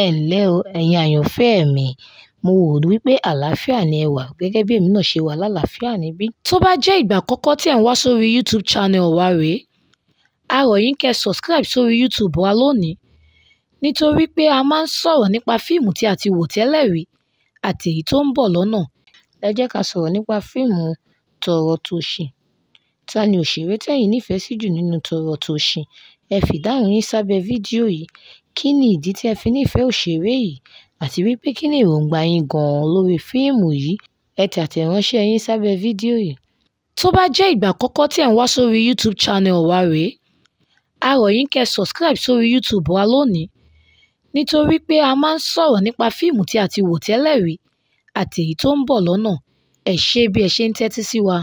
ẹ ǹlẹ́ o ẹ̀yin àyànfẹ́ mi mo rò wípé àlàáfíà ni ẹ wà gẹ́gẹ́ bí èmi náà ṣe wà lálàáfíà níbí. tó bá jẹ́ ìgbà àkọ́kọ́ tí ẹ̀ ń wá sórí youtube channel wa rèé a rọ̀ yín kẹ́ subscribe sórí youtube wa lónìí nítorí pé a máa ń sọ̀rọ̀ nípa fíìmù tí a ti wò tẹ́lẹ̀ rí àti èyí tó ń bọ̀ lọ́nà ẹ jẹ́ ká sọ̀rọ̀ nípa fíìmù tọrọ tòṣì ta ni òṣèré tẹ́yin nífẹ̀ẹ́ sí jù nínú tọrọ tòṣì ẹ fìdáhùn yín sábẹ́ fídíò yìí Kí ni ìdí tí ẹ fi nífẹ̀ẹ́ òṣèré yìí àti wípé kí ni èròńgbà yín gan-an lórí fíìmù yìí? Ẹ tẹ àtẹ̀ránṣẹ́ yín sábẹ́ fídíò yìí. Tó bá jẹ́ ìgbà àkọ́kọ́ tí ẹ̀ ń wá sórí YouTube channel wa rèé, a rọ̀ yín kẹ́ ẹ subscribe sórí YouTube wa lónìí, nítorí pé a máa ń sọ̀rọ̀ nípa fíìmù tí a ti wò tẹ́lẹ̀ rí àti èyí tó ń bọ̀ lọ́nà. Ẹ ṣé bí ẹ ṣe ń tẹ́tí sí wa.